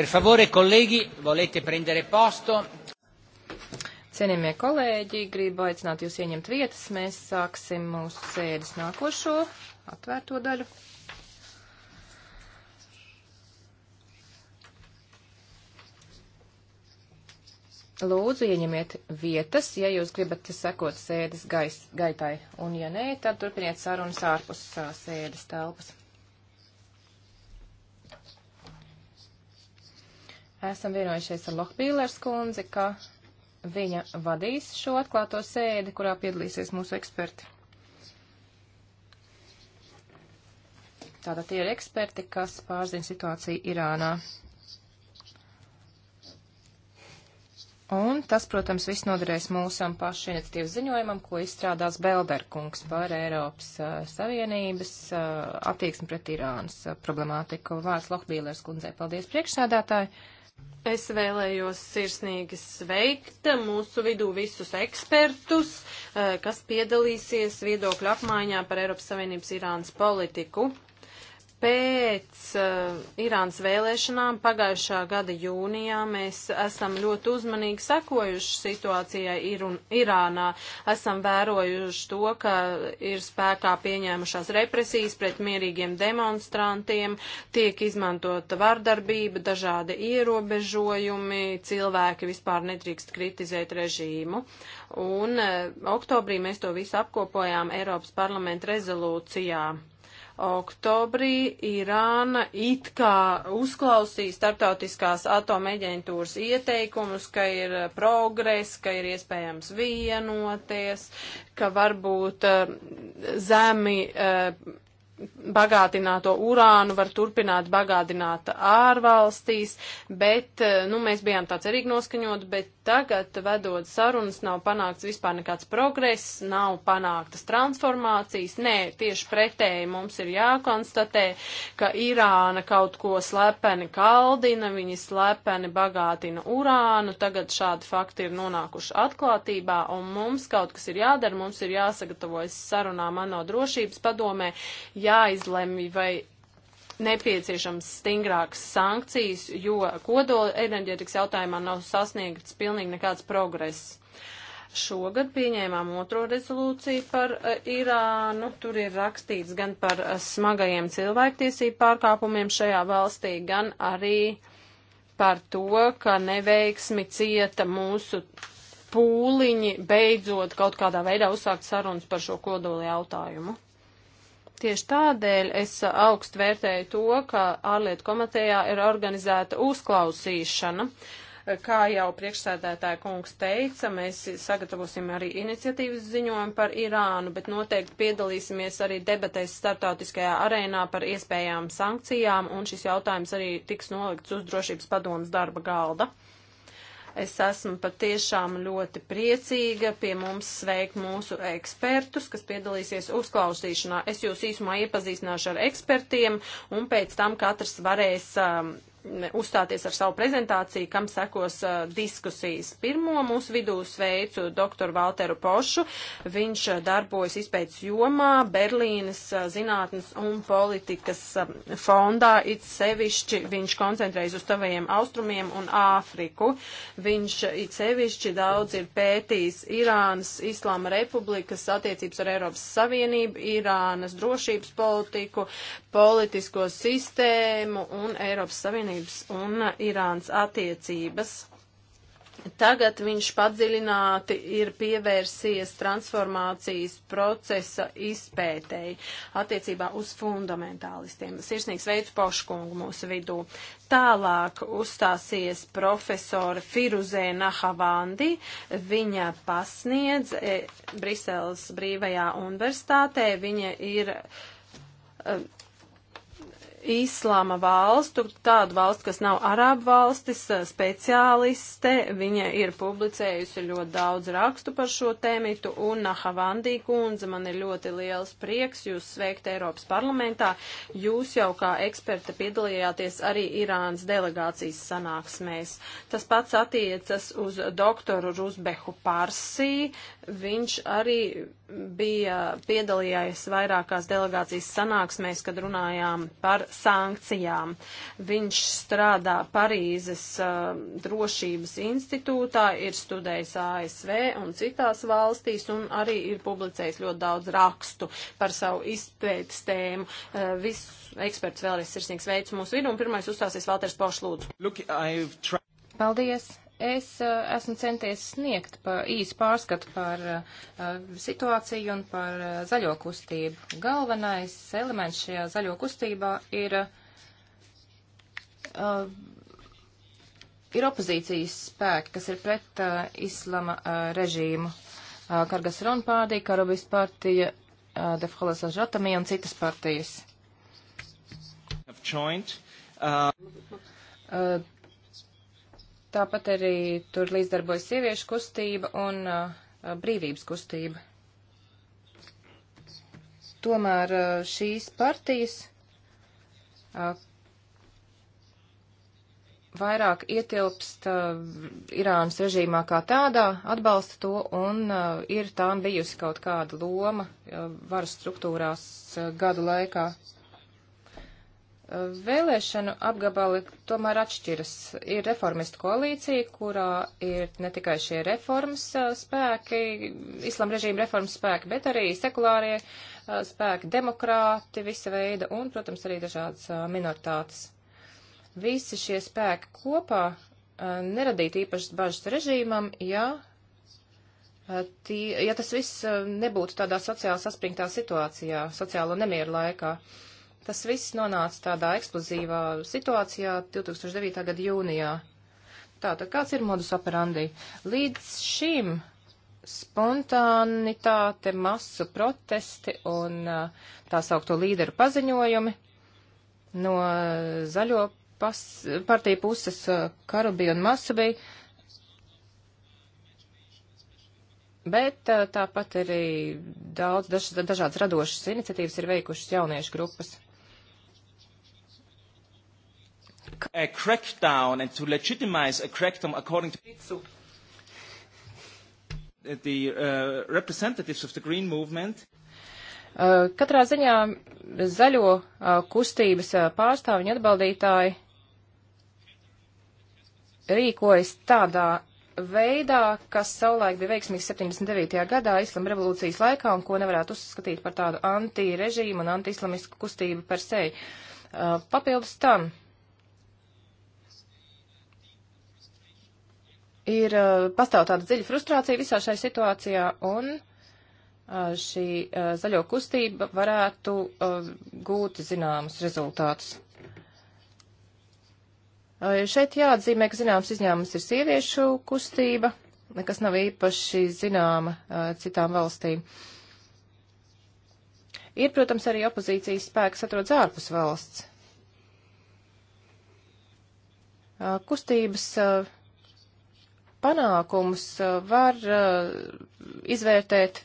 Per favore, kolēģi, volete prendere posto? Cienījamie kolēģi, gribu aicināt jūs ieņemt vietas. Mēs sāksim mūsu sēdes nākošo atvērto daļu. Lūdzu, ieņemiet vietas, ja jūs gribat sekot sēdes gais, gaitai, un ja nē, tad turpiniet sarunas ārpus sēdes telpas. esam vienojušies ar Lohbīlers kundzi, ka viņa vadīs šo atklāto sēdi, kurā piedalīsies mūsu eksperti. Tātad tie ir eksperti, kas pārzina situāciju Irānā. Un tas, protams, viss noderēs mūsam pašu iniciatīvas ziņojumam, ko izstrādās Belderkungs par Eiropas uh, Savienības uh, attieksmi pret Irānas uh, problemātiku. Vārds Lohbīlers kundzei. Paldies, priekšsēdētāji! Uh, Es vēlējos sirsnīgi sveikt mūsu vidū visus ekspertus, eh, kas piedalīsies viedokļu apmaiņā par Eiropas Savienības Irānas politiku pēc uh, Irānas vēlēšanām pagājušā gada jūnijā mēs esam ļoti uzmanīgi sekojuši situācijai ir Irānā. Esam vērojuši to, ka ir spēkā pieņēmušās represijas pret mierīgiem demonstrantiem, tiek izmantota vardarbība, dažādi ierobežojumi, cilvēki vispār nedrīkst kritizēt režīmu. Un uh, oktobrī mēs to visu apkopojām Eiropas parlamenta rezolūcijā. Oktobrī Irāna it kā uzklausīja starptautiskās atomeģentūras ieteikumus, ka ir eh, progress, ka ir iespējams vienoties, ka varbūt eh, zemi eh, bagātināto urānu var turpināt bagātināt ārvalstīs, bet, eh, nu, mēs bijām tā cerīgi noskaņot, bet tagad, vedot sarunas, nav panākts vispār nekāds progress, nav panāktas transformācijas, nē, tieši pretēji mums ir jākonstatē, ka Irāna kaut ko slepeni kaldina, viņi slepeni bagātina urānu, tagad šādi fakti ir nonākuši atklātībā, un mums kaut kas ir jādara, mums ir jāsagatavojas sarunām ANO drošības padomē, jā jāizlemj, vai nepieciešams stingrākas sankcijas, jo kodola enerģētikas jautājumā nav sasniegts pilnīgi nekāds progress. Šogad pieņēmām otro rezolūciju par uh, Irānu. Tur ir rakstīts gan par uh, smagajiem cilvēktiesību pārkāpumiem šajā valstī, gan arī par to, ka neveiksmi cieta mūsu pūliņi beidzot kaut kādā veidā uzsākt sarunas par šo kodoli jautājumu. Tieši tādēļ es augstu vērtēju to, ka ārlietu komitejā ir organizēta uzklausīšana. Kā jau priekšsēdētāja kungs teica, mēs sagatavosim arī iniciatīvas ziņojumu par Irānu, bet noteikti piedalīsimies arī debatēs startautiskajā arēnā par iespējām sankcijām, un šis jautājums arī tiks nolikts uz drošības padomas darba galda. Es esmu patiešām ļoti priecīga pie mums sveikt mūsu ekspertus, kas piedalīsies uzklausīšanā. Es jūs īsumā iepazīstināšu ar ekspertiem, un pēc tam katrs varēs um, uzstāties ar savu prezentāciju, kam sekos uh, diskusijas. Pirmo mūsu vidū sveicu doktoru Valteru Pošu. Viņš uh, darbojas izpētes jomā Berlīnas uh, zinātnes un politikas uh, fondā. It sevišķi viņš koncentrējas uz tavajiem austrumiem un Āfriku. Viņš uh, it sevišķi daudz ir pētījis Irānas Islāma republikas attiecības ar Eiropas Savienību, Irānas drošības politiku, politisko sistēmu un Eiropas Savienību Savienības un Irānas attiecības. Tagad viņš padziļināti ir pievērsies transformācijas procesa izpētēji attiecībā uz fundamentālistiem. Sirsnīgs veids Poškungu mūsu vidū. Tālāk uzstāsies profesora Firuzē Nahavandi. Viņa pasniedz e, Briseles brīvajā universitātē. Viņa ir e, Īslāma valstu, tādu valstu, kas nav arābu valstis, eh, speciāliste, viņa ir publicējusi ļoti daudz rakstu par šo tēmitu, un Nahavandī ah, kundze, man ir ļoti liels prieks jūs sveikt Eiropas parlamentā. Jūs jau kā eksperta piedalījāties arī Irānas delegācijas sanāksmēs. Tas pats attiecas uz doktoru Rusbehu Parsī viņš arī bija piedalījies vairākās delegācijas sanāksmēs, kad runājām par sankcijām. Viņš strādā Parīzes uh, drošības institūtā, ir studējis ASV un citās valstīs un arī ir publicējis ļoti daudz rakstu par savu izpētes tēmu. Uh, visus eksperts vēlreiz sirsnīgs veids mūsu vidu un pirmais uzstāsies Valters Pošlūdzu. Paldies! Es uh, esmu centies sniegt pa, īsu pārskatu par uh, situāciju un par uh, zaļo kustību. Galvenais elements šajā zaļo kustībā ir, ir opozīcijas spēki, kas ir pret islama režīmu. Kargas Ronpārdī, Karobis partija, Defholas Žatamī un citas partijas. Joined, uh... Uh, Tāpat arī tur līdzdarbojas sieviešu kustība un uh, brīvības kustība. Tomēr uh, šīs partijas uh, vairāk ietilpst uh, Irānas režīmā kā tādā, atbalsta to un uh, ir tām bijusi kaut kāda loma uh, varas struktūrās gadu laikā. Vēlēšanu apgabali tomēr atšķiras. Ir reformistu koalīcija, kurā ir ne tikai šie reformas spēki, islam režīma reformas spēki, bet arī sekulārie spēki, demokrāti, visa veida un, protams, arī dažādas minoritātes. Visi šie spēki kopā neradītu īpašas bažas režīmam, ja Tī, ja tas viss nebūtu tādā sociāli saspringtā situācijā, sociālo nemieru laikā. Tas viss nonāca tādā eksplozīvā situācijā 2009. gada jūnijā. Tātad kāds ir modus operandi? Līdz šim spontanitāte, masu protesti un eh, tā saukto līderu paziņojumi no eh, zaļo pas, partiju puses eh, Karubija un Masabija. Bet tāpat arī daudz daž, dažādas radošas iniciatīvas ir veikušas jauniešu grupas. tiek. To... The, uh, representatives of the green movement uh, Katrā ziņā zaļo uh, kustības uh, pārstāvju atbaldītāji rīkojas tādā veidā, kas savulaik bija veiksmīgs 79. gadā islama revolūcijas laikā un ko nevarētu uzskatīt par tādu antirežīmu un antiislamisku kustību par sevi. Papildus tam ir pastāv tāda dziļa frustrācija visā šai situācijā, un šī zaļo kustība varētu gūt zināmus rezultātus. Šeit jāatzīmē, ka zināms izņēmums ir sieviešu kustība, kas nav īpaši zināma citām valstīm. Ir, protams, arī opozīcijas spēks atrodas ārpus valsts. Kustības uh, panākumus uh, var uh, izvērtēt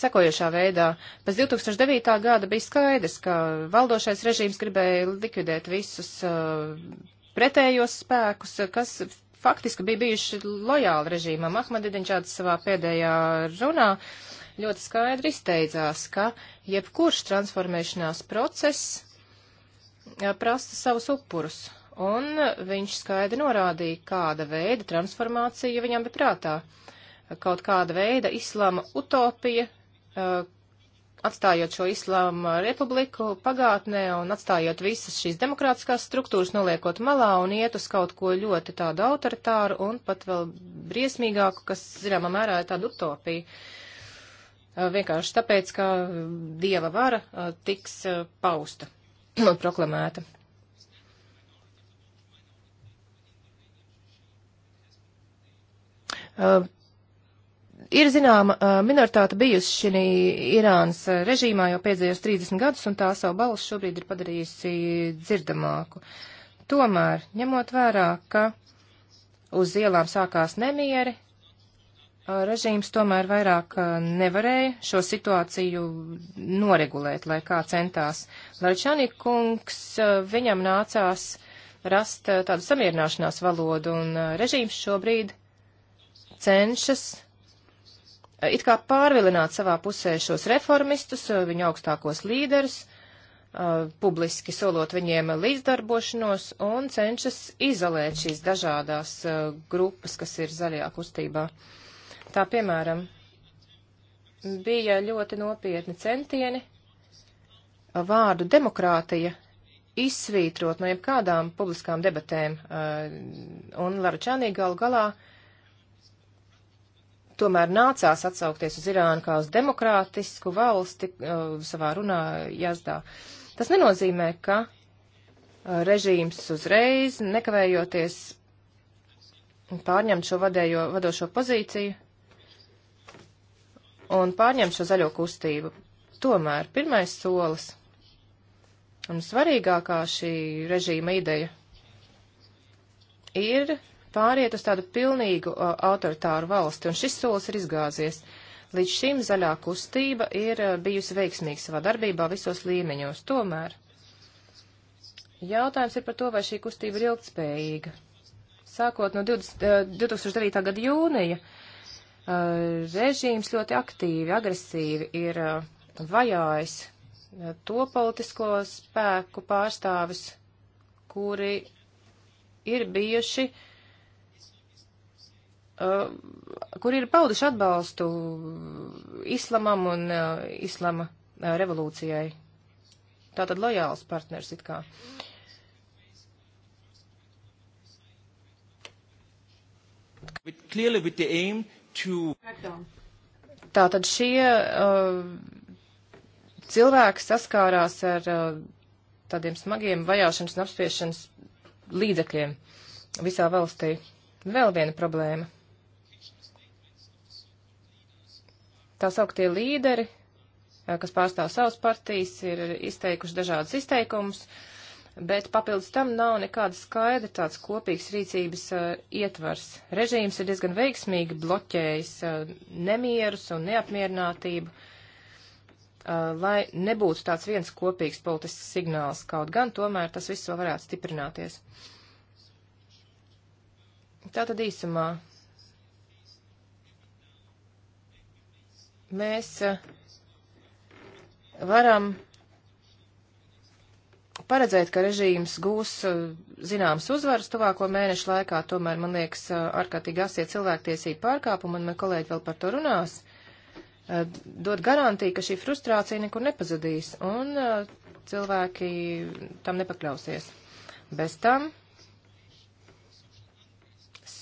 Sekojošā veidā, pēc 2009. gada bija skaidrs, ka valdošais režīms gribēja likvidēt visus uh, pretējos spēkus, uh, kas faktiski bija bijuši lojāli režīmam. Ahmadidiņšāds savā pēdējā runā ļoti skaidri izteicās, ka jebkurš transformēšanās process prasa savus upurus un viņš skaidri norādīja, kāda veida transformācija viņam bija prātā. Kaut kāda veida islāma utopija, atstājot šo islāma republiku pagātnē un atstājot visas šīs demokrātiskās struktūras, noliekot malā un iet uz kaut ko ļoti tādu autoritāru un pat vēl briesmīgāku, kas, zināmā mērā, ir tāda utopija. Vienkārši tāpēc, ka dieva vara tiks pausta un proklamēta. Uh, ir zināma uh, minoritāte bijusi šī Irānas režīmā jau pēdējos 30 gadus, un tā savu balsu šobrīd ir padarījusi dzirdamāku. Tomēr, ņemot vērā, ka uz ielām sākās nemieri, uh, režīms tomēr vairāk uh, nevarēja šo situāciju noregulēt, lai kā centās. Larčani kungs, viņam nācās rast tādu samierināšanās valodu, un režīms šobrīd cenšas eh, it kā pārvilināt savā pusē šos reformistus, eh, viņu augstākos līderus, eh, publiski solot viņiem līdzdarbošanos un cenšas izolēt šīs dažādās grupas, kas ir zaļajā kustībā. Tā piemēram, bija ļoti nopietni centieni vārdu demokrātija izsvītrot no jebkādām publiskām debatēm, un Lara Čānī galu galā uh, tomēr nācās atsaukties uz Irānu kā uz demokrātisku valsti uh, savā runā jāsdā. Tas nenozīmē, ka uh, režīms uzreiz, nekavējoties, pārņemt šo vadējo, vadošo pozīciju un pārņemt šo zaļo kustību. Tomēr pirmais solis un svarīgākā šī režīma ideja ir pāriet uz tādu pilnīgu uh, autoritāru valsti, un šis solis ir izgāzies. Līdz šim zaļā kustība ir uh, bijusi veiksmīga savā darbībā visos līmeņos. Tomēr jautājums ir par to, vai šī kustība ir ilgtspējīga. Sākot no 20, uh, 2009. gada jūnija, uh, režīms ļoti aktīvi, agresīvi ir uh, vajājis uh, to politisko spēku pārstāvis, kuri ir bijuši uh, kur ir pauduši atbalstu islamam un islama revolūcijai. Tātad lojāls partners it kā. With, clearly with the aim to... Tātad šie uh, cilvēki saskārās ar uh, tādiem smagiem vajāšanas un apspiešanas līdzekļiem visā valstī. Vēl viena problēma tā sauktie līderi, eh, kas pārstāv savas partijas, ir izteikuši dažādas izteikumus, bet papildus tam nav nekāda skaidra tāds kopīgs rīcības uh, ietvars. Režīms ir diezgan veiksmīgi bloķējis uh, nemierus un neapmierinātību, uh, lai nebūtu tāds viens kopīgs politisks signāls, kaut gan tomēr tas viss vēl varētu stiprināties. Tātad īsumā mēs eh, varam paredzēt, ka režīms gūs eh, zināmas uzvaras tuvāko mēnešu laikā, tomēr, man liekas, eh, ārkārtīgi asie cilvēktiesību pārkāpumi, un man kolēģi vēl par to runās, dod garantiju, ka šī frustrācija nekur nepazudīs, un cilvēki tam nepakļausies. Bez tam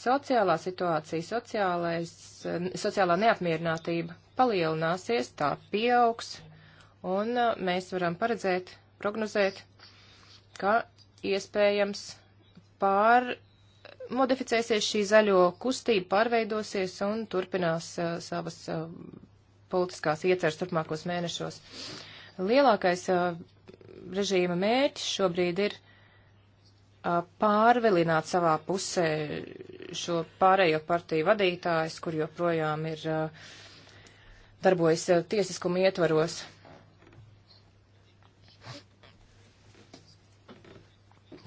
sociālā situācija, sociālais, sociālā neapmierinātība palielināsies, tā pieaugs, un mēs varam paredzēt, prognozēt, ka iespējams pār modificēsies šī zaļo kustība, pārveidosies un turpinās uh, savas uh, politiskās ieceres turpmākos mēnešos. Lielākais uh, režīma mērķis šobrīd ir pārvilināt savā pusē šo pārējo partiju vadītājs, kur joprojām ir darbojas tiesiskuma ietvaros.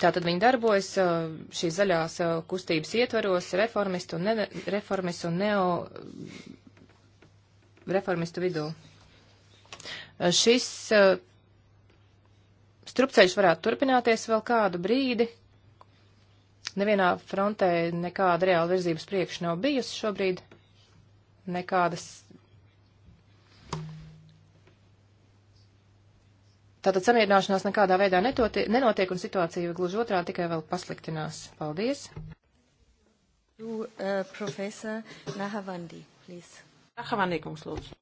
Tātad viņi darbojas šīs zaļās kustības ietvaros reformistu un, ne, reformistu un neo reformistu vidū. Šis strupceļš varētu turpināties vēl kādu brīdi, Nevienā frontē nekāda reāla virzības priekš nav bijusi šobrīd, nekādas. Tātad samierināšanās nekādā veidā netoti, nenotiek, un situācija gluži otrā tikai vēl pasliktinās. Paldies! To, uh, eh, professor Nahavandi, please. Nahavandi, kungs, lūdzu.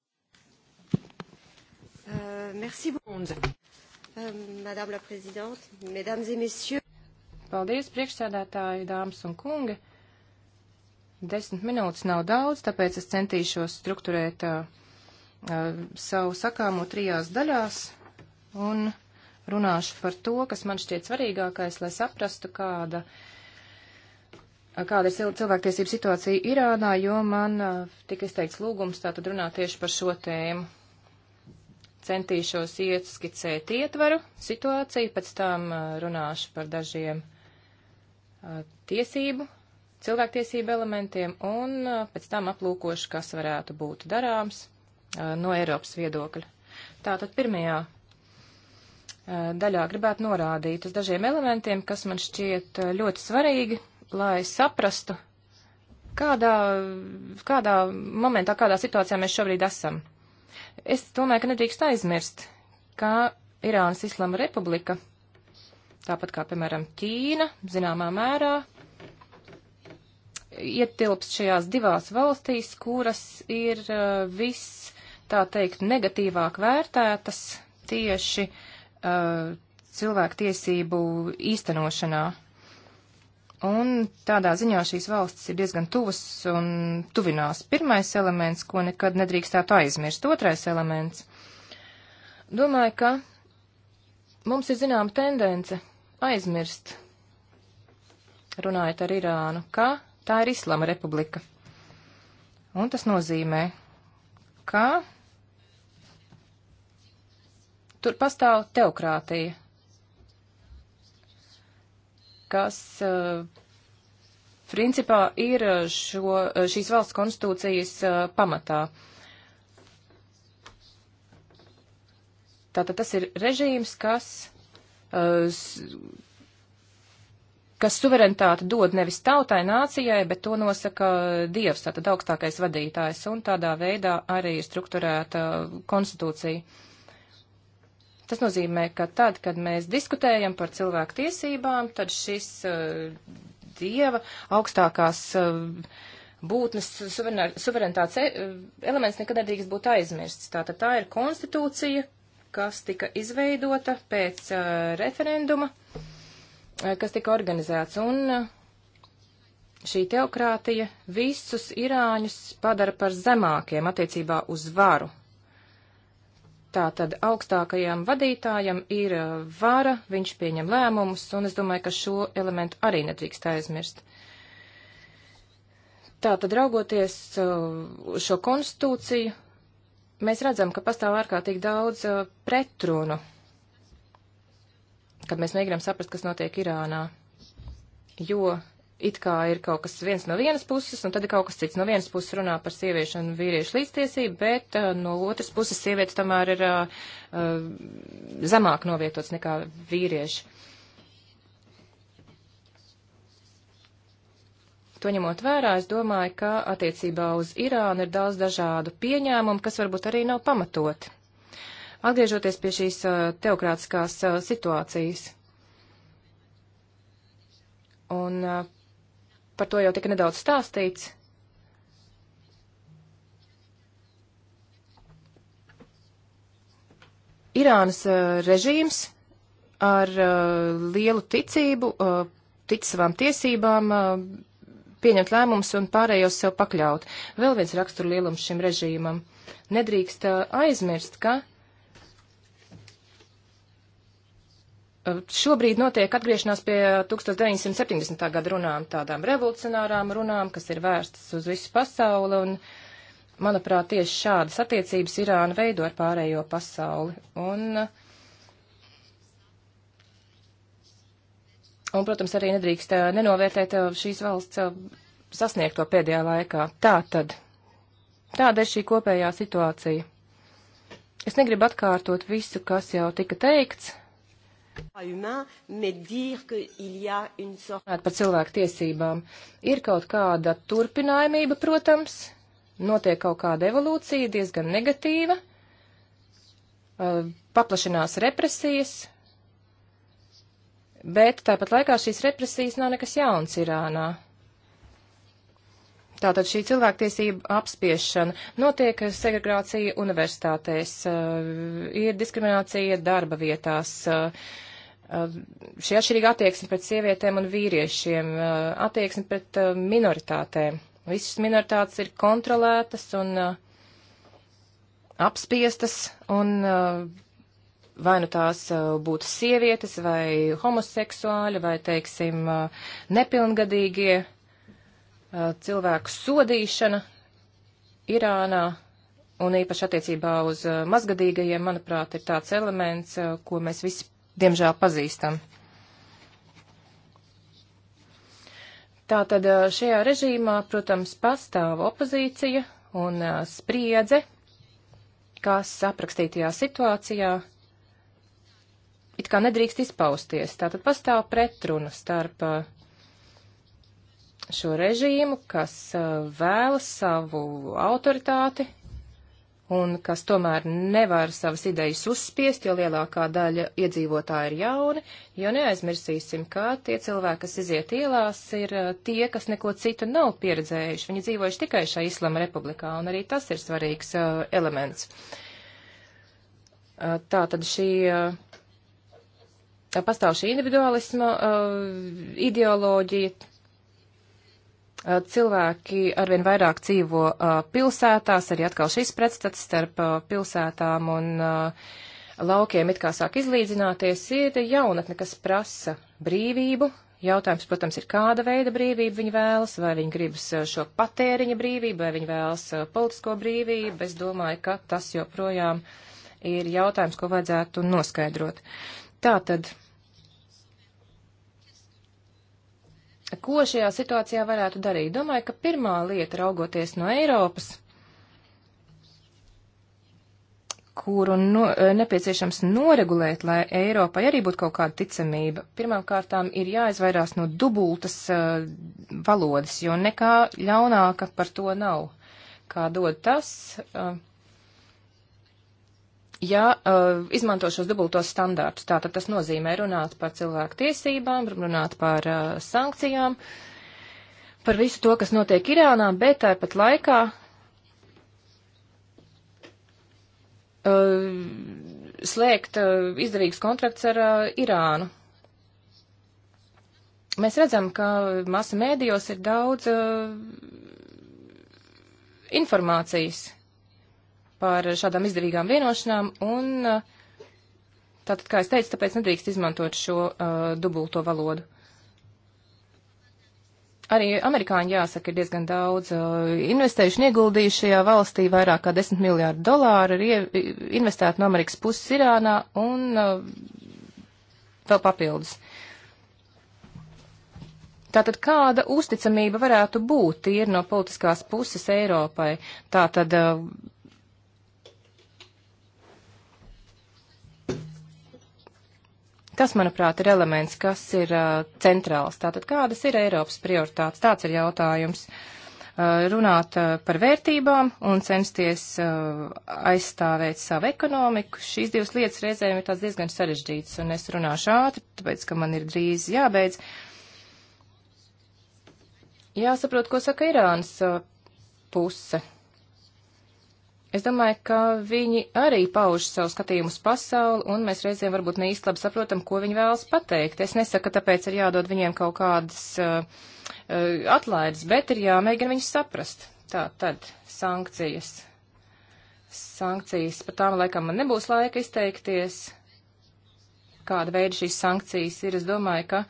Uh, merci, Kundze. Uh, Madame la Présidente, Mesdames et Messieurs. Paldies, priekšsēdētāji, dāmas un kungi. Desmit minūtes nav daudz, tāpēc es centīšos strukturēt uh, savu sakāmo trijās daļās un runāšu par to, kas man šķiet svarīgākais, lai saprastu, kāda uh, kāda ir cilvēktiesība situācija Irānā, jo man tika izteikts lūgums tātad runāt tieši par šo tēmu. Centīšos iet skicēt ietveru situāciju, pēc tam runāšu par dažiem tiesību, cilvēktiesību elementiem un pēc tam aplūkošu, kas varētu būt darāms no Eiropas viedokļa. Tātad pirmajā daļā gribētu norādīt uz dažiem elementiem, kas man šķiet ļoti svarīgi, lai saprastu, kādā, kādā momentā, kādā situācijā mēs šobrīd esam. Es domāju, ka nedrīkst aizmirst, ka Irānas Islama Republika tāpat kā, piemēram, Ķīna, zināmā mērā ietilpst šajās divās valstīs, kuras ir uh, viss, tā teikt, negatīvāk vērtētas tieši uh, cilvēku tiesību īstenošanā. Un tādā ziņā šīs valstis ir diezgan tuvas un tuvinās. Pirmais elements, ko nekad nedrīkstētu aizmirst, otrais elements. Domāju, ka mums ir zināma tendence aizmirst, runājot ar Irānu, ka tā ir Islama republika. Un tas nozīmē, ka tur pastāv teokrātija, kas uh, principā ir eh, šo, eh, šīs valsts konstitūcijas uh, pamatā. Tātad tas ir režīms, kas Uh, kas suverenitāti dod nevis tautai, nācijai, bet to nosaka Dievs, tātad augstākais vadītājs, un tādā veidā arī ir strukturēta konstitūcija. Tas nozīmē, ka tad, kad mēs diskutējam par cilvēku tiesībām, tad šis uh, dieva augstākās uh, būtnes suverenitātes e elements nekad nedrīkst būt aizmirsts. Tātad tā ir konstitūcija, kas tika izveidota pēc uh, referenduma, uh, kas tika organizēts. Un uh, šī teokrātija visus irāņus padara par zemākiem attiecībā uz varu. Tātad augstākajam vadītājam ir uh, vara, viņš pieņem lēmumus, un es domāju, ka šo elementu arī nedrīkst aizmirst. Tātad raugoties uh, šo konstitūciju, mēs redzam, ka pastāv ārkārtīgi daudz uh, pretrunu, kad mēs mēģinām saprast, kas notiek Irānā. Jo it kā ir kaut kas viens no vienas puses, un tad ir kaut kas cits. No vienas puses runā par sieviešu un vīriešu līdztiesību, bet uh, no otras puses sievietes tomēr ir uh, uh, zemāk novietots nekā vīrieši. To ņemot vērā, es domāju, ka attiecībā uz Irānu ir daudz dažādu pieņēmumu, kas varbūt arī nav pamatoti. Atgriežoties pie šīs uh, teokrātiskās uh, situācijas. Un uh, par to jau tika nedaudz stāstīts. Irānas režīms ar lielu ticību tic savām tiesībām pieņemt lēmumus un pārējos sev pakļaut. Vēl viens rakstur lielums šim režīmam. Nedrīkst uh, aizmirst, ka uh, šobrīd notiek atgriešanās pie 1970. Uh, gada runām, tādām revolucionārām runām, kas ir vērstas uz visu pasauli, un, manuprāt, tieši šādas attiecības Irāna veido ar pārējo pasauli. Un, uh, Un, protams, arī nedrīkst eh, nenovērtēt eh, šīs valsts eh, sasniegto pēdējā laikā. Tā tad. Tāda ir šī kopējā situācija. Es negribu atkārtot visu, kas jau tika teikts. Par cilvēku tiesībām ir kaut kāda turpinājumība, protams, notiek kaut kāda evolūcija, diezgan negatīva, paplašinās represijas, Bet tāpat laikā šīs represijas nav nekas jauns Irānā. Tātad šī cilvēktiesība apspiešana notiek segregācija universitātēs, eh, ir diskriminācija darba vietās, eh, eh, šī atšķirīga attieksme pret sievietēm un vīriešiem, attieksme pret minoritātēm. Visas minoritātes ir kontrolētas un apspiestas un vai nu tās būtu sievietes, vai homoseksuāļi, vai, teiksim, nepilngadīgie cilvēku sodīšana Irānā. Un īpaši attiecībā uz mazgadīgajiem, manuprāt, ir tāds elements, ko mēs visi, diemžēl, pazīstam. Tātad šajā režīmā, protams, pastāv opozīcija un spriedze, kas aprakstītajā situācijā uh, it kā nedrīkst izpausties. Tātad pastāv pretruna starp uh, šo režīmu, kas uh, vēlas savu autoritāti un kas tomēr nevar savas idejas uzspiest, jo lielākā daļa iedzīvotāji ir jauni, jo neaizmirsīsim, ka tie cilvēki, kas iziet ielās, ir uh, tie, kas neko citu nav pieredzējuši. Viņi dzīvojuši tikai šajā Islama republikā, un arī tas ir svarīgs uh, elements. Uh, tā tad šī uh, pastāv šī individualisma uh, ideoloģija. Uh, cilvēki arvien vairāk dzīvo uh, pilsētās, arī atkal šis pretstats starp uh, pilsētām un uh, laukiem it kā sāk izlīdzināties, ir jaunatne, kas prasa brīvību. Jautājums, protams, ir kāda veida brīvība viņi vēlas, vai viņi gribas šo patēriņa brīvību, vai viņi vēlas uh, politisko brīvību. Es domāju, ka tas joprojām ir jautājums, ko vajadzētu noskaidrot. Uh, Tātad, ko šajā situācijā varētu darīt? Domāju, ka pirmā lieta, raugoties no Eiropas, kuru no, eh, nepieciešams noregulēt, lai Eiropai arī būtu kaut kāda ticamība. Pirmkārtām ir jāizvairās no dubultas uh, valodas, jo nekā ļaunāka par to nav, kā dod tas, uh, ja uh, izmanto šos dubultos standārtus. Tātad tas nozīmē runāt par cilvēku tiesībām, runāt par uh, sankcijām, par visu to, kas notiek Irānā, bet tāpat laikā uh, slēgt uh, izdevīgs kontrakts ar uh, Irānu. Mēs redzam, ka masu mēdījos ir daudz uh, informācijas par šādām izdevīgām vienošanām, un eh, tātad, kā es teicu, tāpēc nedrīkst izmantot šo uh, dubulto valodu. Arī amerikāņi, jāsaka, ir diezgan daudz uh, investējuši un ieguldījuši šajā valstī. Vairāk kā 10 miljārdu dolāru ir investēti no Amerikas puses Irānā un uh, vēl papildus. Tātad kāda uzticamība varētu būt ir no politiskās puses Eiropai? Tātad uh, Tas, manuprāt, ir elements, kas ir uh, centrāls. Tātad, kādas ir Eiropas prioritātes? Tāds ir jautājums. Uh, runāt uh, par vērtībām un censties uh, aizstāvēt savu ekonomiku. Šīs divas lietas reizēm ir tās diezgan sarežģītas, un es runāšu ātri, tāpēc, ka man ir drīz jābeidz. Jāsaprot, ko saka Irānas uh, puse. Es domāju, ka viņi arī pauž savu skatījumu uz pasauli, un mēs reizēm varbūt ne īsti labi saprotam, ko viņi vēlas pateikt. Es nesaku, ka tāpēc ir jādod viņiem kaut kādas uh, uh atlaides, bet ir jāmēģina viņus saprast. Tā tad sankcijas. Sankcijas, par tām laikam man nebūs laika izteikties, kāda veida šīs sankcijas ir. Es domāju, ka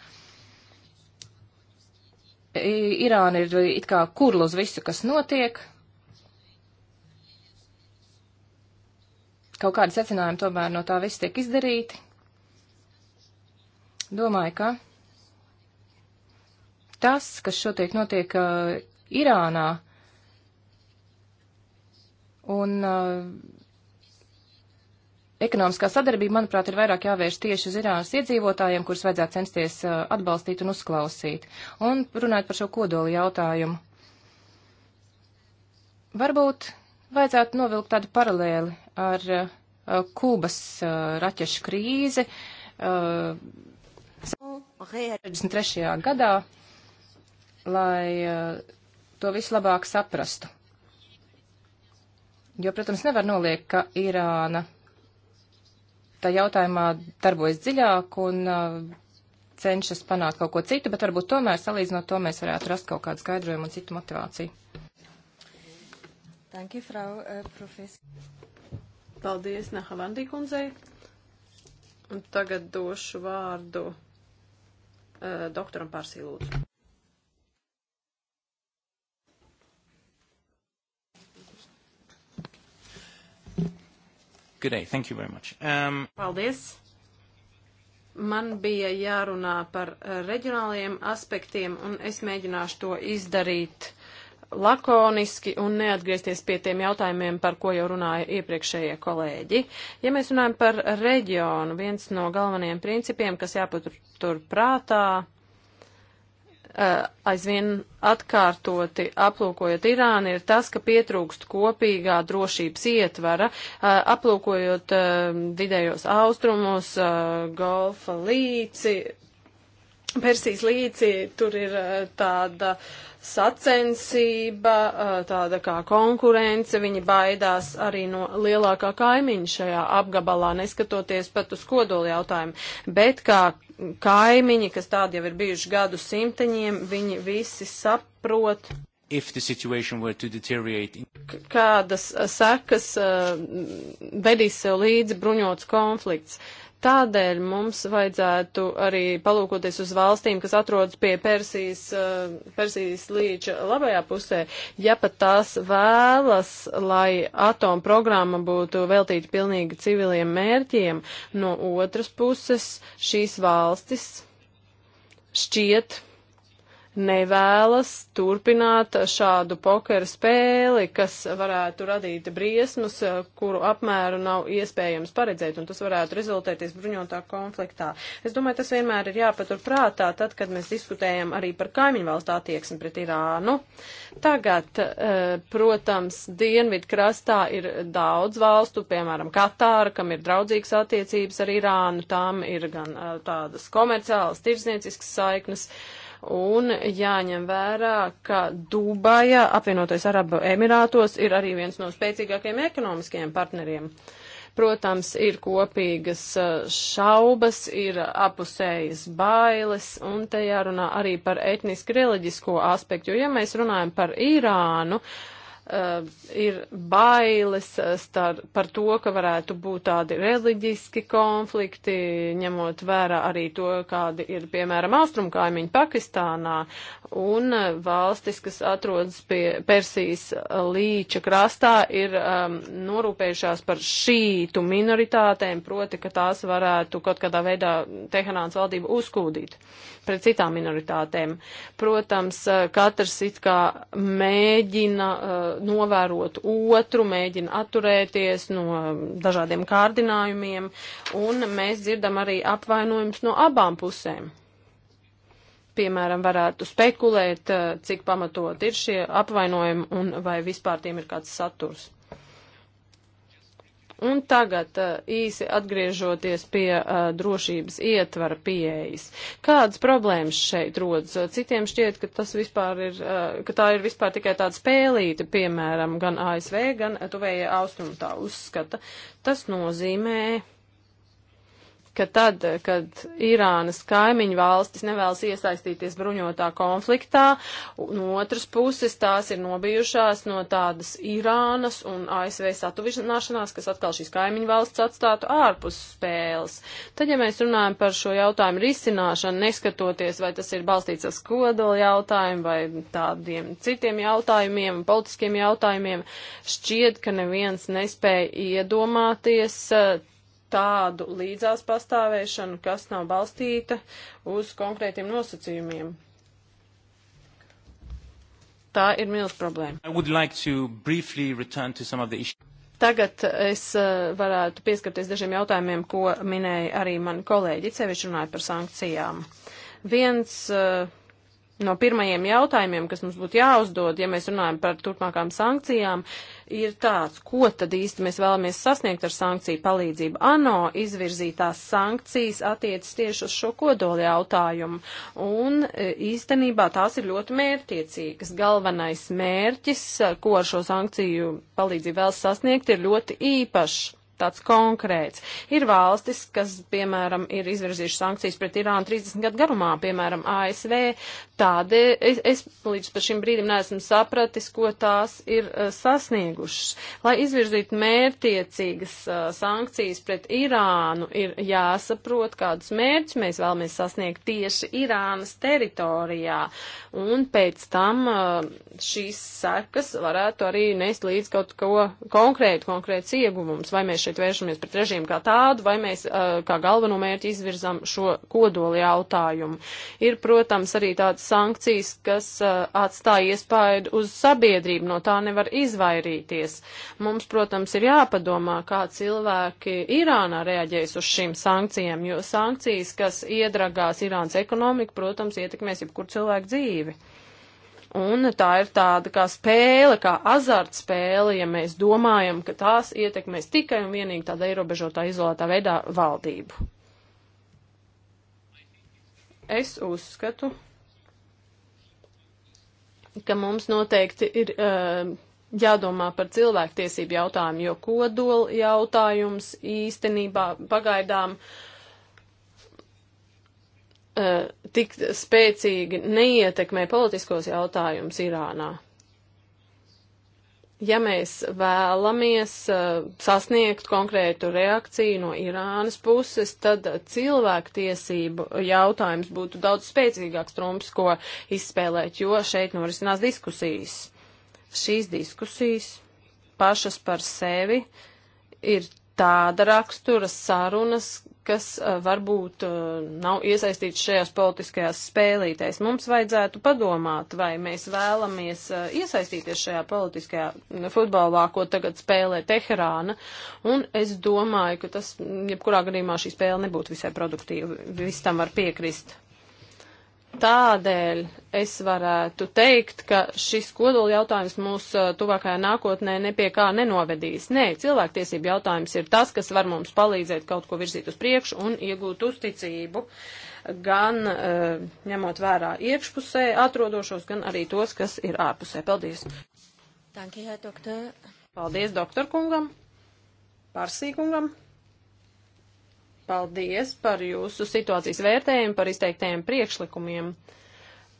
Irāna ir it kā kurl uz visu, kas notiek, kaut kādi secinājumi tomēr no tā viss tiek izdarīti. Domāju, ka tas, kas šotiek notiek uh, Irānā, un uh, ekonomiskā sadarbība, manuprāt, ir vairāk jāvērš tieši uz Irānas iedzīvotājiem, kurus vajadzētu censties uh, atbalstīt un uzklausīt. Un runājot par šo kodoli jautājumu. Varbūt vajadzētu novilkt tādu paralēli ar uh, Kūbas uh, raķešu krīzi uh, 63. gadā, lai uh, to visu labāk saprastu. Jo, protams, nevar noliekt, ka Irāna tā jautājumā darbojas dziļāk un uh, cenšas panākt kaut ko citu, bet varbūt tomēr salīdzinot to mēs varētu rast kaut kādu skaidrojumu un citu motivāciju. Danke, Frau uh, Profesor. Paldies, Nahavandī kundzei. Un tagad došu vārdu uh, doktoram Pārsīlūdzu. Good day. Thank you very much. Um... Paldies. Man bija jārunā par uh, reģionālajiem aspektiem, un es mēģināšu to izdarīt lakoniski un neatgriezties pie tiem jautājumiem, par ko jau runāja iepriekšējie kolēģi. Ja mēs runājam par reģionu, viens no galvenajiem principiem, kas jāpatur prātā, eh, aizvien atkārtoti aplūkojot Irānu, ir tas, ka pietrūkst kopīgā drošības ietvara, eh, aplūkojot eh, vidējos austrumus, golfa līci, Persijas līcī tur ir eh, tāda sacensība, eh, tāda kā konkurence, viņi baidās arī no lielākā kaimiņa šajā apgabalā, neskatoties pat uz kodoli jautājumu, bet kā kaimiņi, kas tādi jau ir bijuši gadu simteņiem, viņi visi saprot if the situation were to deteriorate. Kādas eh, sekas uh, vedīs sev līdzi bruņots konflikts? Tādēļ mums vajadzētu arī palūkoties uz valstīm, kas atrodas pie Persijas, eh, Persijas līča labajā pusē, ja pat tās vēlas, lai atoma programma būtu veltīta pilnīgi civiliem mērķiem. No otras puses, šīs valstis šķiet nevēlas turpināt šādu pokeru spēli, kas varētu radīt briesmas, kuru apmēru nav iespējams paredzēt, un tas varētu rezultēties bruņotā konfliktā. Es domāju, tas vienmēr ir jāpatur prātā, tad, kad mēs diskutējam arī par kaimiņu valstu attieksmi pret Irānu. Tagad, eh, protams, dienvidu krastā ir daudz valstu, piemēram, Katāra, kam ir draudzīgas attiecības ar Irānu, tām ir gan eh, tādas komerciālas, tirznieciskas saiknes. Uh, un jāņem vērā, ka Dubaja, apvienotais Arabu Emirātos, ir arī viens no spēcīgākajiem ekonomiskajiem partneriem. Protams, ir kopīgas šaubas, ir apusējas bailes, un te jārunā arī par etniski reliģisko aspektu, jo, ja mēs runājam par Irānu, uh, uh, ir bailes uh, star, par to, ka varētu būt tādi reliģiski konflikti, ņemot vērā arī to, kādi ir, piemēram, austrumu kaimiņi Pakistānā un uh, valstis, kas atrodas pie Persijas līča krastā, ir um, norūpējušās par šītu minoritātēm, proti, ka tās varētu kaut kādā veidā Teherāns valdību uzkūdīt pret citām minoritātēm. Protams, uh, katrs it kā mēģina uh, novērot otru, mēģina atturēties no dažādiem kārdinājumiem, un mēs dzirdam arī apvainojums no abām pusēm. Piemēram, varētu spekulēt, eh, cik pamatot ir šie apvainojumi un vai vispār tiem ir kāds saturs. Un tagad uh, īsi atgriežoties pie uh, drošības ietvara pieejas. Kādas problēmas šeit rodas? Citiem šķiet, ka, tas vispār ir, uh, ka tā ir vispār tikai tāda spēlīte, piemēram, gan ASV, gan tuvējie austrumi tā uzskata. Tas nozīmē, ka tad, kad Irānas kaimiņu valstis nevēlas iesaistīties bruņotā konfliktā, no otras puses tās ir nobijušās no tādas Irānas un ASV satuvināšanās, kas atkal šīs kaimiņu valsts atstātu ārpus spēles. Tad, ja mēs runājam par šo jautājumu risināšanu, neskatoties, vai tas ir balstīts uz kodola jautājumu vai tādiem citiem jautājumiem, politiskiem jautājumiem, šķiet, ka neviens nespēja iedomāties tādu līdzās pastāvēšanu, kas nav balstīta uz konkrētiem nosacījumiem. Tā ir milz problēma. Like Tagad es eh, varētu pieskarties dažiem jautājumiem, ko minēja arī mani kolēģi, sevišķi runāja par sankcijām. Viens uh, no pirmajiem jautājumiem, kas mums būtu jāuzdod, ja mēs runājam par turpmākām sankcijām, ir tāds, ko tad īsti mēs vēlamies sasniegt ar sankciju palīdzību. ANO izvirzītās sankcijas attiecas tieši uz šo kodoli jautājumu, un e, īstenībā tās ir ļoti mērķiecīgas. Galvenais mērķis, ko ar šo sankciju palīdzību vēl sasniegt, ir ļoti īpašs tāds konkrēts. Ir valstis, kas, piemēram, ir izvirzījuši sankcijas pret Irānu 30 gadu garumā, piemēram, ASV, Tādēļ es, es līdz šim brīdim neesmu sapratis, ko tās ir uh, sasniegušas. Lai izvirzītu mērtiecīgas uh, sankcijas pret Irānu, ir jāsaprot, kādus mērķus mēs vēlamies sasniegt tieši Irānas teritorijā. Un pēc tam uh, šīs sekas varētu arī nest līdz kaut ko konkrētu, konkrēts ieguvums. Vai mēs šeit vēršamies pret režīmu kā tādu, vai mēs uh, kā galveno mērķi izvirzam šo kodoli jautājumu. Ir, protams, arī tāds sankcijas, kas uh, atstāja iespaidu uz sabiedrību, no tā nevar izvairīties. Mums, protams, ir jāpadomā, kā cilvēki Irānā reaģēs uz šīm sankcijām, jo sankcijas, kas iedragās Irānas ekonomiku, protams, ietekmēs jebkur cilvēku dzīvi. Un tā ir tāda kā spēle, kā azartspēle, ja mēs domājam, ka tās ietekmēs tikai un vienīgi tādā ierobežotā, izolētā veidā valdību. Es uzskatu, ka mums noteikti ir uh, jādomā par cilvēktiesību jautājumu, jo kodola jautājums īstenībā pagaidām uh, tik spēcīgi neietekmē politiskos jautājumus Irānā ja mēs vēlamies uh, sasniegt konkrētu reakciju no Irānas puses, tad cilvēktiesību jautājums būtu daudz spēcīgāks trumps, ko izspēlēt, jo šeit norisinās diskusijas. Šīs diskusijas pašas par sevi ir tāda rakstura sarunas, kas eh, varbūt eh, nav iesaistīts šajās politiskajās spēlītēs. Mums vajadzētu padomāt, vai mēs vēlamies eh, iesaistīties šajā politiskajā futbolā, ko tagad spēlē Teherāna. Un es domāju, ka tas, jebkurā gadījumā šī spēle nebūtu visai produktīva. Viss tam var piekrist. Tādēļ es varētu teikt, ka šis kodola jautājums mūs tuvākajā nākotnē nepie kā nenovedīs. Nē, cilvēktiesība jautājums ir tas, kas var mums palīdzēt kaut ko virzīt uz priekšu un iegūt uzticību gan ņemot vērā iekšpusē atrodošos, gan arī tos, kas ir ārpusē. Paldies! Danke, Herr Doktor. Paldies doktorkungam, pārsīkungam. Paldies par jūsu situācijas vērtējumu, par izteiktajiem priekšlikumiem.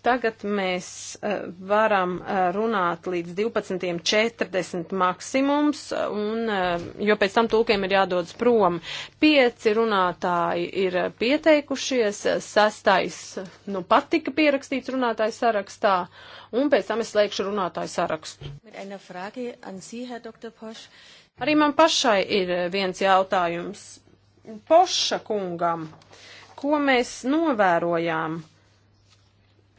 Tagad mēs eh, varam eh, runāt līdz 12.40 maksimums, un, eh, jo pēc tam tulkiem ir jādodas prom. Pieci runātāji ir pieteikušies, sastais, nu, pat tika pierakstīts runātāju sarakstā, un pēc tam es slēgšu runātāju sarakstu. Arī man pašai ir viens jautājums Poša kungam. Ko mēs novērojām?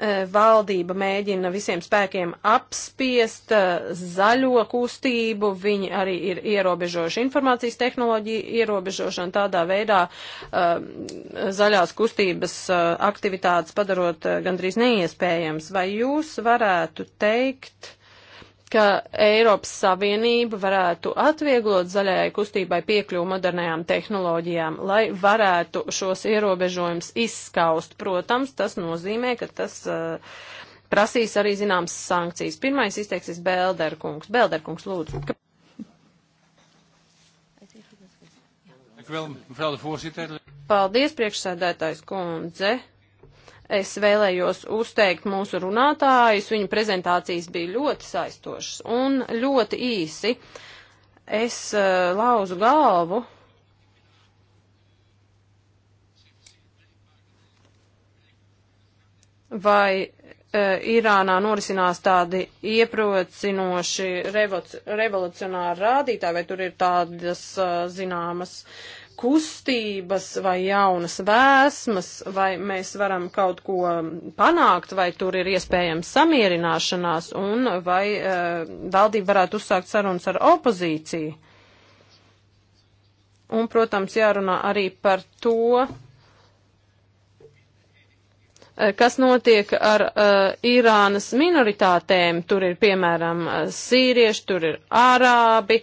E, valdība mēģina visiem spēkiem apspiest e, zaļo kustību, viņi arī ir ierobežojuši informācijas tehnoloģiju ierobežošanu tādā veidā e, zaļās kustības aktivitātes padarot gandrīz neiespējams. Vai jūs varētu teikt, ka Eiropas Savienība varētu atvieglot zaļajai kustībai piekļuvu modernajām tehnoloģijām, lai varētu šos ierobežojumus izskaust. Protams, tas nozīmē, ka tas uh, prasīs arī zināmas sankcijas. Pirmais izteiksies Bēlderkungs. Bēlderkungs, lūdzu. Paldies, priekšsēdētājs kundze. Es vēlējos uzteikt mūsu runātājus, viņu prezentācijas bija ļoti saistošas un ļoti īsi. Es uh, lauzu galvu. Vai eh, Irānā norisinās tādi ieprocinoši revolucionāri rādītāji, vai tur ir tādas eh, zināmas kustības vai jaunas vēsmas, vai mēs varam kaut ko panākt, vai tur ir iespējams samierināšanās, un vai uh, valdība varētu uzsākt sarunas ar opozīciju. Un, protams, jārunā arī par to, Eh, kas notiek ar uh, Irānas minoritātēm. Tur ir, piemēram, eh, sīrieši, tur ir ārābi.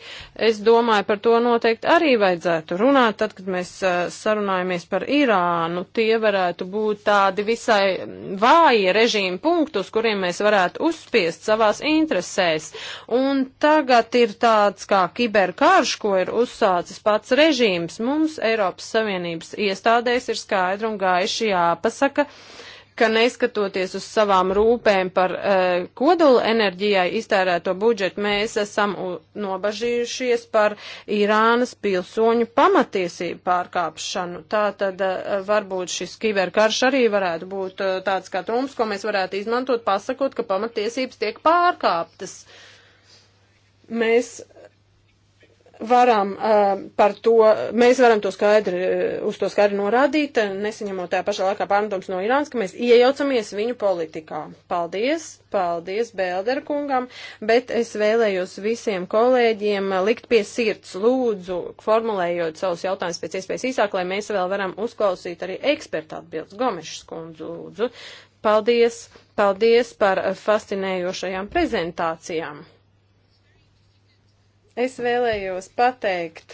Es domāju, par to noteikti arī vajadzētu runāt. Tad, kad mēs uh, sarunājamies par Irānu, tie varētu būt tādi visai mm, vāji režīmu punkti, uz kuriem mēs varētu uzspiest savās interesēs. Un tagad ir tāds kā kiberkarš, ko ir uzsācis pats režīms. Mums Eiropas Savienības iestādēs ir skaidri un gaiši jāpasaka, uh, ka neskatoties uz savām rūpēm par uh, kodola enerģijai iztērēto budžetu, mēs esam nobažījušies par Irānas pilsoņu pamatiesību pārkāpšanu. Tā tad uh, varbūt šis kiberkarš arī varētu būt uh, tāds kā trumps, ko mēs varētu izmantot, pasakot, ka pamatiesības tiek pārkāptas. Mēs varam uh, par to, mēs varam to skaidri, eh, uz to skaidri norādīt, eh, nesaņemot tajā pašā laikā pārmetums no Irānas, ka mēs iejaucamies viņu politikā. Paldies, paldies Bēldera kungam, bet es vēlējos visiem kolēģiem likt pie sirds, lūdzu, formulējot savus jautājumus pēc iespējas īsāk, lai mēs vēl varam uzklausīt arī eksperta atbildes Gomešas kundzu, lūdzu. Paldies, paldies par fascinējošajām prezentācijām. Es vēlējos pateikt,